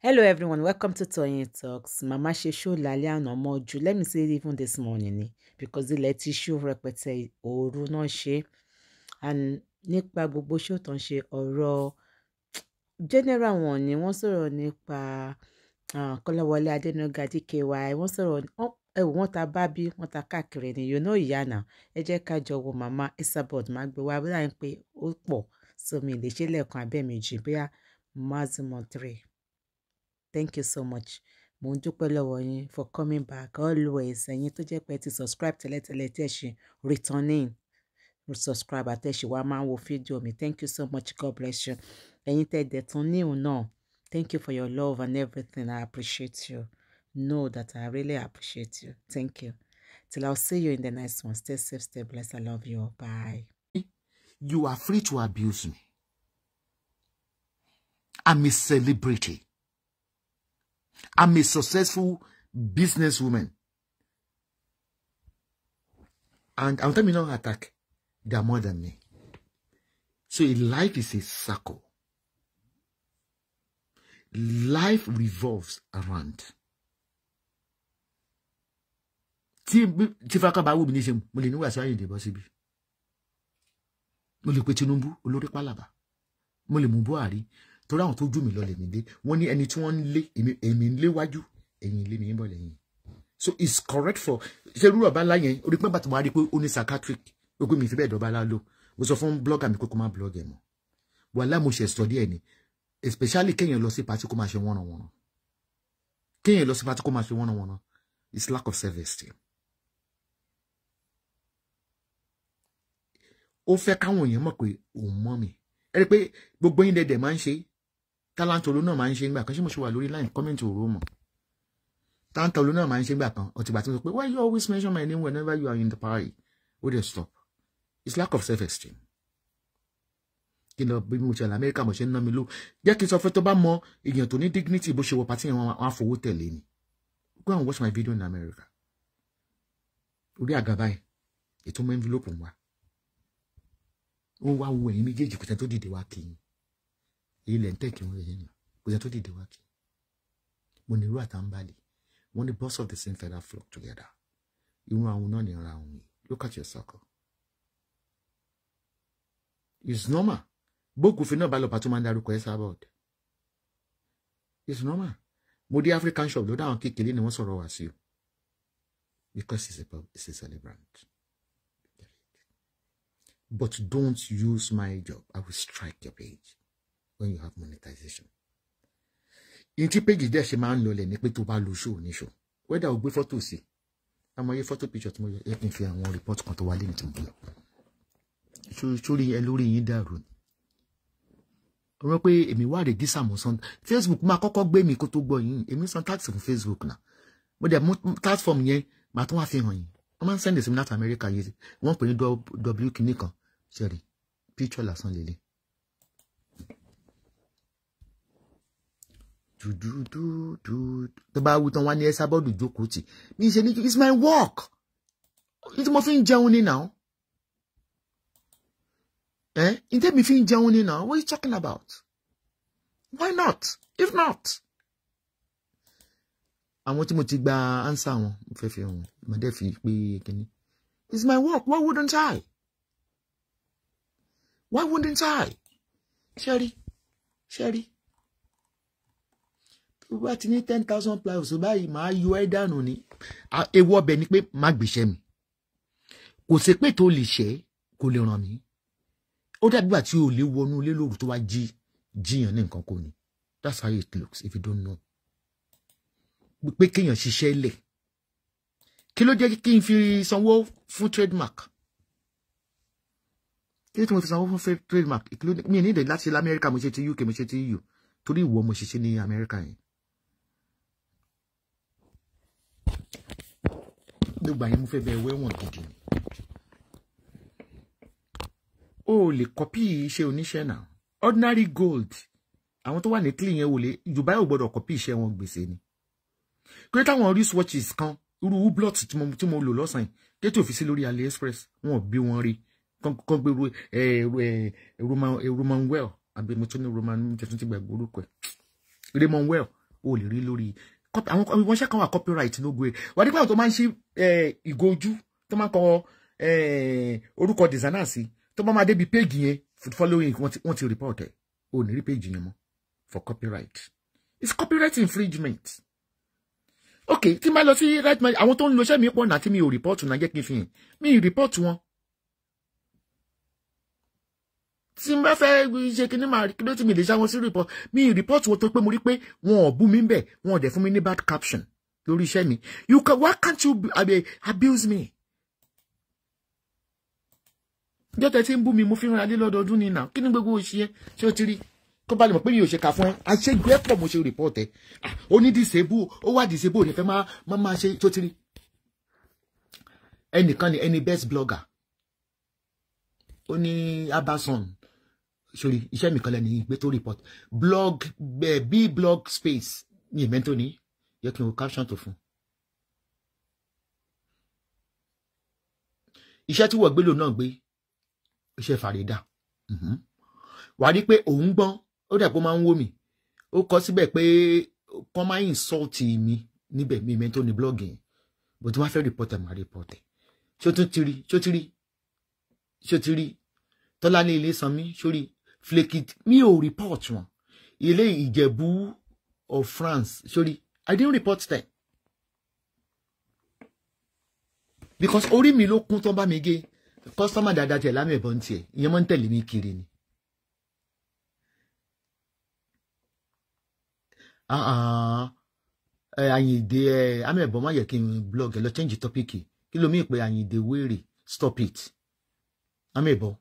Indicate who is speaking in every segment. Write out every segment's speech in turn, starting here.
Speaker 1: Hello everyone, welcome to Toyin Talks. Màmá ṣe ṣó lálẹ́ àná mọ́jú, let me say it even this morning ni because the ti ṣú rẹpẹtẹ òru náà ṣe and nípa gbogbo ṣó tán ṣe ọ̀rọ̀ general wọn ni wọ́n sọ̀rọ̀ nípa Kọ́láwọlé Adénúgà DKY wọ́n sọ̀rọ̀ ẹ̀wù wọ́n ta bábí wọ́n ta káàkiri ni you know ìyá náà ẹ jẹ́ ká jọ wo màmá Esabod máa gbé wa bí láì pé ó pọ̀ sómi ìlẹ̀ṣẹ̀ lẹ́ẹ̀kan abẹ́ méjì bóyá thank you so much mo ń dúpẹ́ lọ́wọ́ yín for coming back always ẹ̀yin tó jẹ́ pé ti subscribe tẹ́lẹ̀tẹ́lẹ̀ tẹ̀ ṣe returning subscribe àtẹ̀ṣe wa máa ń wo fídíò mi thank you so much god bless you ẹ̀yin tẹ́ dẹ̀ tún níhùn náà thank you for your love and everything i appreciate you know that i really appreciate you thank you till i'll see you in the next one stay safe stay blessed i love you bye. you are free to abuse me i'm a celebrity. I'm a successful businesswoman. And I'm telling you not attack. They are more than me. So life is a circle. Life revolves around. tí tí fáká bá wù mí níṣe mo lè ní wàásù ayé ìdìbò síbi mo lè pe Tinubu torí àwọn tó jù mí lọ lèmi dé wọ́n ní ẹni tí wọ́n ń lé èmi ń léwájú ẹ̀yìn ilé mi ń bọ̀ lẹ́yìn so it's correct for ṣe rúrọ̀ bá láyẹn orí pé bàtà wàá rí pé ó ní psychiatric ó pé mi fi bẹ́ẹ̀ dọ́bálá lò mo sọ fún blogger mi pé kó má blog ẹ̀ mọ́ wàhálà mo ṣe sọ díẹ̀ ni especially kéèyàn lọ sí pati kó máa ṣe wọ́nàwọ́nà kéèyàn lọ sí pati kó máa ṣe wọ́nàwọ́nà it's lack of service to you. ó fẹ́ káwọn èèyàn mọ̀ pé òun mọ́ mi ẹ rí i pé gbogbo yín dẹ̀dẹ̀ máa ń ṣe talent olú máa ń ṣe ń gbà kan ṣé mo ṣe wà lórí line comment òru mọ̀ talent olú máa ń ṣe ń gbà kan ọtìgbà tí mo sọ pé why you always mention my name whenever you are in the party ó dẹ̀ stop it's lack of self esteem kí lọ bí mo ṣe àlà amẹ́ríkà mo ṣe ń ná mi ló jẹ́ kí n sọ fẹ́ tó bá mọ èèyàn tó ní dignity bó ṣe wọ pàtí yẹn wọn fowó tẹ̀lé ni go and watch my video in America orí àgàbá yẹn ètò mọ envelope wa ó wá wo ẹ̀yin méjèèjì kùtà tó dìde wá kí ilẹ̀ ń tẹ̀kí wọn lẹ́yìn náà kò yẹ tó dìde wá kí mo ní irú àtàǹbálì wọn ní boss of the same feather flock together irun àwọn náà ní ara àwọn yìí look at your circle it's normal bókùfin náà bá lọ́pàá tó máa ń darúkọ ẹ̀ sábà ọ̀dẹ̀ it's normal mo dé african shop lọ́dọ̀ àwọn kékeré ni wọ́n sọ̀rọ̀ wá sí o because it's a it's a celebrant but don't use my job i will strike your page when you have monetization. In tí péjì dẹ̀ ṣe máa ń lọlẹ̀ ní pé tó bá lo ṣó ní ṣó wẹ́dà ò gbé fọ́tò sí amọye fọ́tò picture tí mo yẹ kí n fi àwọn report kan tó wá lẹ́yìn tí mo yọ sórí ẹ e yín dàrú ni ọ̀rọ̀ pé èmi wà rè dísà mo san Facebook ma kọ́kọ́ gbé mi kó tó gbọ́ yín èmi san tax fún Facebook na. mo dẹ̀ mú tax form yẹn màá tún wá fi hàn yín wọ́n máa ń sẹ́ndẹ̀ sí mi láti Amẹ́ríkà yìí wọ́n pè ní w kini kan ṣẹ̀rí picture la lásán lélẹ̀ dùdùdùdù tó bá wú tán wá ní ẹ sábọ́ọ̀dù jókòó tì ní í ṣe ní it's my work ní tí mo fi ń jẹun eh? ní now ẹ ní tẹ́mi fi ń jẹun ní now what are you talking about why not if not àwọn tí mo ti gba ansa wọn mo fẹ́ fi hàn mọ̀dẹ́ fi pé kínní it's my work why wouldn't I why wouldn't I ṣẹ́rí ṣẹ́rí bí wọ́n ti ní ten thousand plywood báyìí màá yọ ẹ́ dànù ni ewu ọbẹ̀ ni pé má gbèsè mi kò sí pé tó lè ṣẹ́ kò lè ràn mí ó dàbí ìgbà tí o lè wọnú ilé lóru tó wá jí jíyàn ní nǹkan kò ní that's how it looks if you don't know pé kéèyàn ṣiṣẹ́ lẹ̀ kí ló jẹ́ kí n fi sanwó fún trademark kí ló tí mo fi sanwó fún trademark mi ní ìdè láti ṣe lamẹ́ríkà mo ṣe ti UK mo ṣe ti EU torí ìwọ mo ṣe ṣe ní Amẹ́ríkà yẹn gbogbo àyẹ̀mú fẹ́ bẹ́ẹ̀ wẹ́wọ̀n gidi ni o lè kọ́pì iṣẹ́ oníṣẹ́ náà ordinary gold àwọn tó wà ní clean yẹn wò lé yorùbá yóò gbọ́dọ̀ kọ́pì iṣẹ́ wọn gbèsè ni pé táwọn wristwatches kan irú woodblot tí mo tí mo lò lọ́sàn yìí kétò fi sí lórí aliexpress wọn ò bí wọn rí kán roman well àbí mo tún ní roman mo tún ti gbàgbé orúkọ ẹ̀ roman well o lè rí lórí àwọn ìwọ́nṣẹ́ kan wà copyright ló gbé e. wà nípa àwọn tó máa ń ṣe ìgò ojú tó máa ń kọ orúkọ designer sí tó bá máa débi péèjì yẹn following wọ́n ti report ẹ̀ ò ní rí péèjì yẹn mọ́ for copyright it's copyright infringement Okay. tí n bá lọ sí right mind àwọn to ń lo iṣẹ́ mi pọ̀ náà tí mi ò report náà jẹ́ kí n mi report one. tí n bá fẹ́ ṣe kí ni màá kí ló ti mi lè ṣá wọn sí report mi report wo tó pé mo rí pé wọn ò bú mi bẹ̀ wọn ò dẹ̀ fún mi ní bad caption lórí iṣẹ́ mi you can why can't you abuse me. ìjọ tẹ ti ń bú mi mo fi hàn adé lọ́dọọdún ni nà kí ni gbogbo òṣìṣẹ́ ṣé o ti rí kó bá lè mọ̀ pé mi ò ṣe kà fún ẹ àṣegbé pọ̀ mo ṣe report ẹ ah, ó ní disebu ó wà disebu ní fẹ́ máa máa ṣe tó ti rí ẹnìkan ni ẹni best blogger ó ní abasan sórí iṣẹ́ mi kan lẹ́nu yìí tó report blog eh, b blog space ní ìmẹ́ntò ní yẹ kí n wo caption tó fún. iṣẹ́ tí wọ́n gbé lò náà gbé iṣẹ́ fàrídà mm-hmm. wàá rí pé òun gbọ́n ó dà pé ó máa ń wó mi ó kọ síbẹ̀ pé kọ́ máa ń insult mi níbẹ̀ mi ìmẹ́ntò ní blog yẹn bó ti wá fẹ́ report ẹ̀ máa report ẹ̀ ṣó tún ti rí ṣó ti rí ṣó ti rí tọ́lá ní ilé sanmi sórí flakit mi ò report wọn ilé ìjẹ̀bú of France sorry I didn't report them because orí mi ló kún tán bá mi gé kọ́sọ́mà dáadáa tiẹ̀ lámẹ̀bọ̀ ń tiẹ̀ ìyẹn máa ń tẹ̀lé mi kiri ni. àyìndé ah, ah. amẹ̀bọ̀ má yẹ kí n blog ẹ lọ change topic kí ló mí pé àyìndé wéèrè stop it amẹ̀bọ̀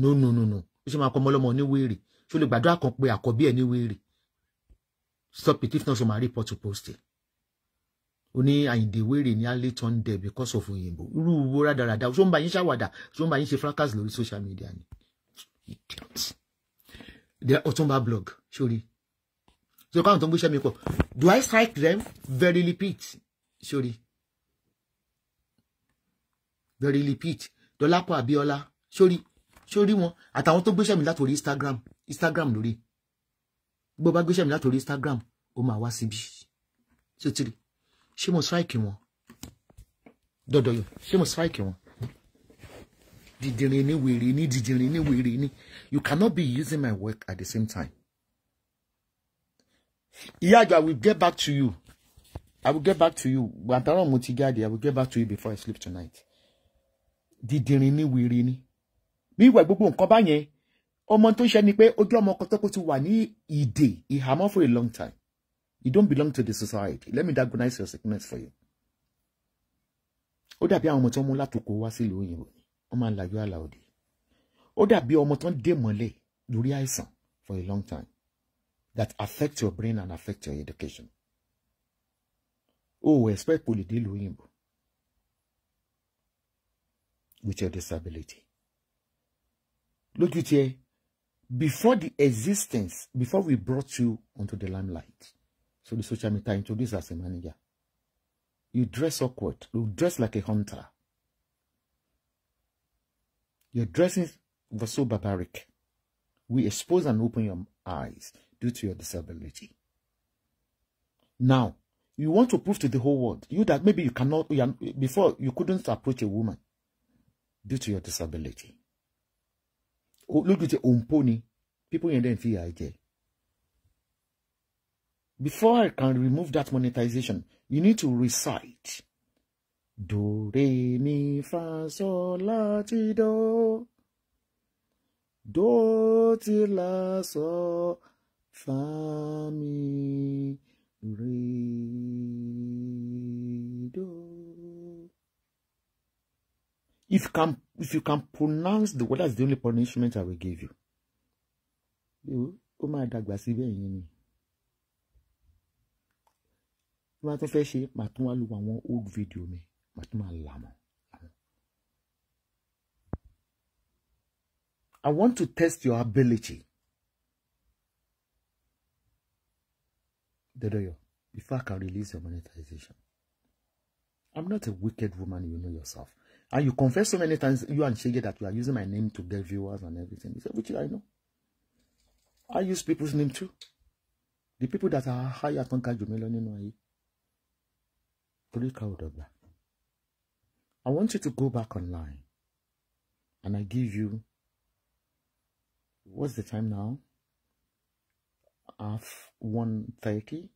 Speaker 1: no no no no ó ṣe máa kọ́ ọmọlọ́mọ ní wéèrè ṣó lè gbàdúrà kan pé àkọ́bí ẹ̀ ní wéèrè stop it if not so máa report to post ẹ̀ ó ní àyìndé wéèrè ní alẹ́ tó ń dẹ̀ because of òyìnbó irú wo rádaràda ṣó ń bá yín ṣàwàdà ṣó ń bá yín ṣe fracas lórí social media ni idiot the Ọ̀túnba blog sórí so káwọn tó ń gbéṣẹ́ mi pọ̀ do I strike them very repeat sórí very repeat Dọlápọ̀ Abíọ́lá sórí ṣé ó rí wọn àtàwọn tó gbéṣẹ́ mi látòrí Instagram Instagram lórí gbọ́ bá gbéṣẹ́ mi látòrí Instagram ó máa wá síbi ṣé tiri ṣé mo strike wọn dọdọyọ ṣé mo strike wọn didirin ni wèrè ni didirin ni wèrè ni you cannot be using my work at the same time ìyá àjọ I will get back to you I will get back to you gbàtàràn mo ti jáde I will get back to you before I sleep tonight didirin ni wèrè ni bí ìwà gbogbo nǹkan bá yẹn ọmọ tó ń ṣe ni pé ojú ọmọ kan tó ti wà ní ìdè ìhàmọ́ for a long time you don't belong to the society let me diagnose your sickness for you. ó dàbí àwọn ọmọ tó ń mú látòkò wá sílùú òyìnbó wọ́n máa ń lajú àlà ó dàbí ọmọ tó ń dè mọ́lẹ̀ lórí àìsàn for a long time that affect your brain and affect your education. o ò expect kò lè dé lóyìnbó with your disability. Look at here. Before the existence, before we brought you onto the limelight, so the social media introduced as a manager, you dress awkward. You dress like a hunter. Your dressing was so barbaric. We expose and open your eyes due to your disability. Now, you want to prove to the whole world, you that maybe you cannot, before you couldn't approach a woman due to your disability. lójú ti òǹpo ni people yẹn dẹ̀ ń fi ìyà jẹ. Before I can remove that monetization, you need to recite. Do, mi, fa, sol, la, ti, do. ti, la, so, fa, mi, re, do. If you can if you can pronounce the word that's the only punishment I will give you. ó máa dàgbà síbẹ̀ yín ni bí wọ́n tún fẹ́ ṣe màá tún wá old video me màá tún I want to test your ability. Dodoyo, before I can release your monetization. I'm not a wicked woman, you know yourself. And you confess so many times, you and Shege, that you are using my name to get viewers and everything. He said, which I know. I use people's name too. The people that are higher than you Ninoyi. I want you to go back online. And I give you, what's the time now? Half 1.30.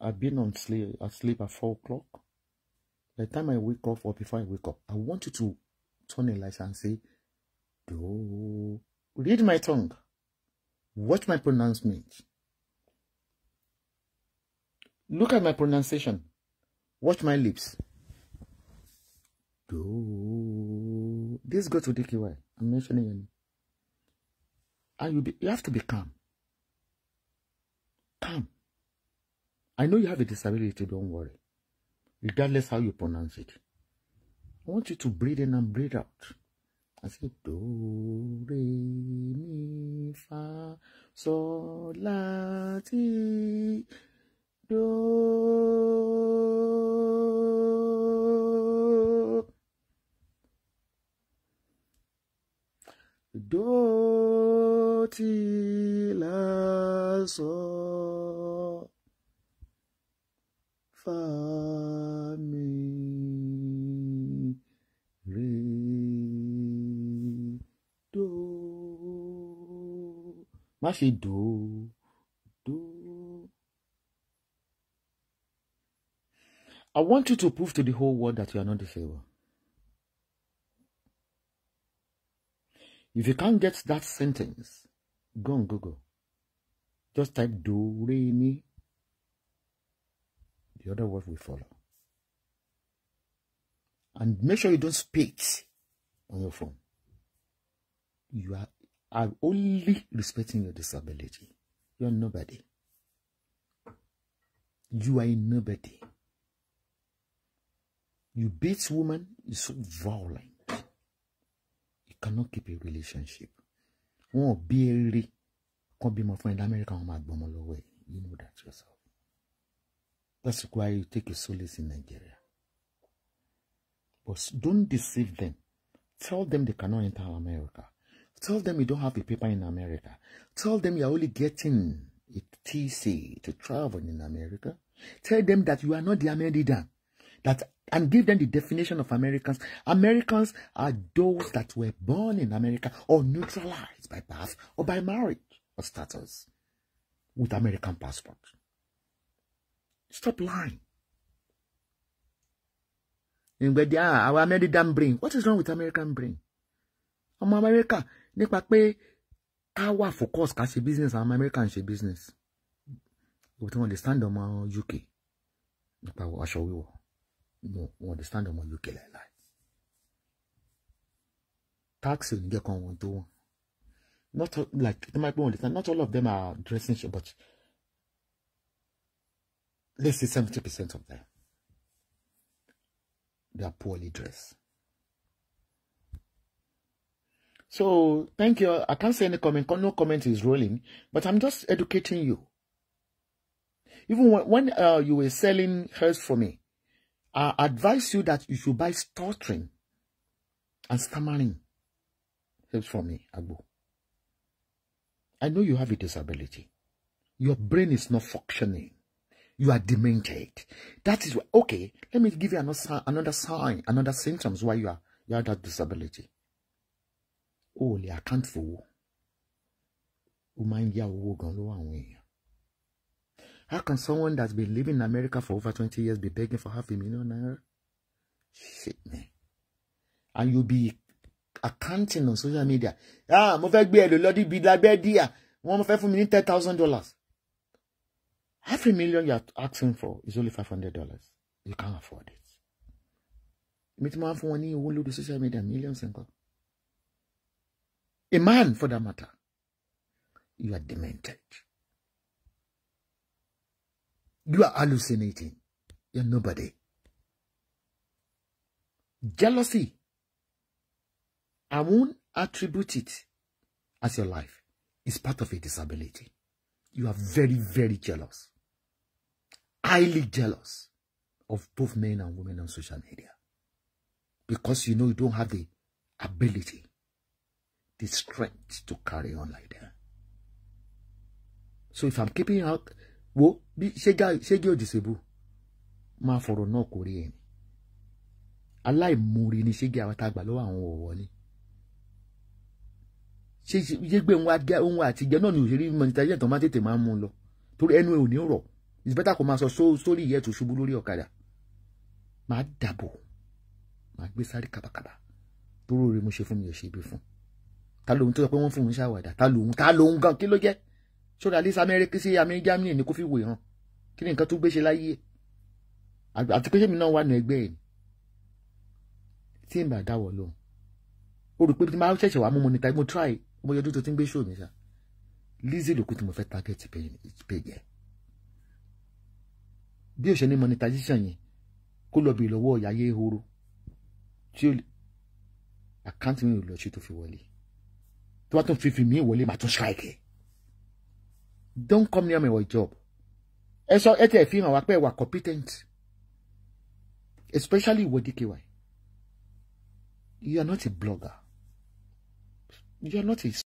Speaker 1: I've been on sleep, asleep at 4 o'clock. By the time I wake up or before I wake up, I want you to turn a light and say, Do read my tongue. Watch my pronouncement. Look at my pronunciation. Watch my lips. Do this go to DKY. I'm mentioning your And you be, you have to be calm. Calm. I know you have a disability, don't worry regardless how you pronounce it. I want you to breathe in and breathe out. I say do re mi fa sol la ti do do ti la so. I dò dò I want you to prove to the whole world that you are not a failure. If you can't get that sentence, go on Google. Just type do re mi. The other word will follow. And make sure you don't speak on your phone. You are are only respecting your disability. You're nobody. You are a nobody. You beat woman, you're so violent. You cannot keep a relationship. Oh, bí eré kan bímọ fún ẹ lamẹ́ríkà wọn máa gbọmọ lọ́wọ́ ẹ̀. You know that yourself. That's why you take your solace in Nigeria. But don't deceive them. Tell them they cannot enter America. Tell them you don't have a paper in America. Tell them you're only getting a TC to travel in America. Tell them that you are not the American. That and give them the definition of Americans. Americans are those that were born in America or neutralized by birth or by marriage or status with American passport. Stop lying. In ah, our American brain. What is wrong with American brain? I'm America. nípa pé ká wà focus ká ṣe business àwọn ọmọ Amẹ́ríkà ń ṣe business ibi tí wọ́n lè stand ọmọ UK nípa aṣọ wíwọ̀ wọ́n lè stand ọmọ UK láìláì tax ò ní jẹ́ kan wọn tó wọn not like tí wọ́n pè wọ́n lè stand not all of them are dressing shop but let's say seventy percent of them they are poorly dressed. So thank you. I can't say any comment. No comment is rolling, but I'm just educating you. Even when, when uh, you were selling hers for me, I advise you that you should buy stuttering and stammering herbs for me, Agbo. I know you have a disability. Your brain is not functioning. You are demented. That is why, okay, let me give you another, another sign, another symptoms why you, are, you have that disability. o lè account fowó ó máa ń yá owó gan lọ́wọ́ àwọn èèyàn. How can someone that's been living in America for over twenty years be begging for half a million naira? Shit man. And you be accounting on social media. Ah, mo fẹ́ gbé ẹ̀rọ lọ́dí bíi lábẹ́díà. Wọ́n mo fẹ́ fún mi ní ten thousand dollars. Half a million you are asking for is only five hundred dollars. You can't afford it. Èmi tí mo máa ń fún wọn ní owó lórí social media millions nǹkan. a man for that matter, you are demented. You are hallucinating. You're nobody. Jealousy. I won't attribute it as your life. It's part of a disability. You are very, very jealous. Highly jealous of both men and women on social media. Because you know you don't have the ability the strength to carry on like that. So if I'm keeping out, wo bí ṣégi ò disable, máa fọ̀rọ̀ náà kò rí ẹni. Aláìmoore ni ṣégi àwọn tá a gbà lọ́wọ́ àwọn ọ̀wọ́ ni. Ṣé gbé ohun àtijọ́ náà ni òṣèré monetization tó máa tètè máa mú un lọ. Torí ẹnu ẹ ò ní It's better kó máa so sórí ìyẹ́ tó ṣubú lórí ọ̀kadà. Màá dàbò, màá gbé sáré kàbàkàbà. Toró rẹ mo ṣe fún mi ò ṣe ibi fún ta lòun tó sọ pé wọ́n fún un ṣàwàdà ta lòun ta lòun gan kí ló jẹ́ ṣọ́ra lisa amẹ́ríkà sí amẹ́ríkà germany ni kò fi wò hàn kí ni nǹkan tó gbé ṣe láyé àti pé sẹ́mi náà wà nù ẹgbẹ́ ẹ̀ tí n bá dáwọ̀ lóhùn o rò pé bí máa ṣẹ̀ṣẹ̀ wàá mú mo níta mo try mo yọjú tó ti ń gbé ṣòmí sa Lizzy lòkù tí mo fẹ́ target page ẹ̀ bí òṣèlú monetization yẹn kó lọ bèèrè lọ́wọ́ ìyá yé ehoro tí àkáǹtì mi ò lọ ṣe tó fi wọlé tó bá tún fi fi mí wọlé strike don't come near me for job ẹ sọ ẹ tẹ fi hàn wá pé ẹ competent especially ìwọ DKY you are not a blogger you are not a.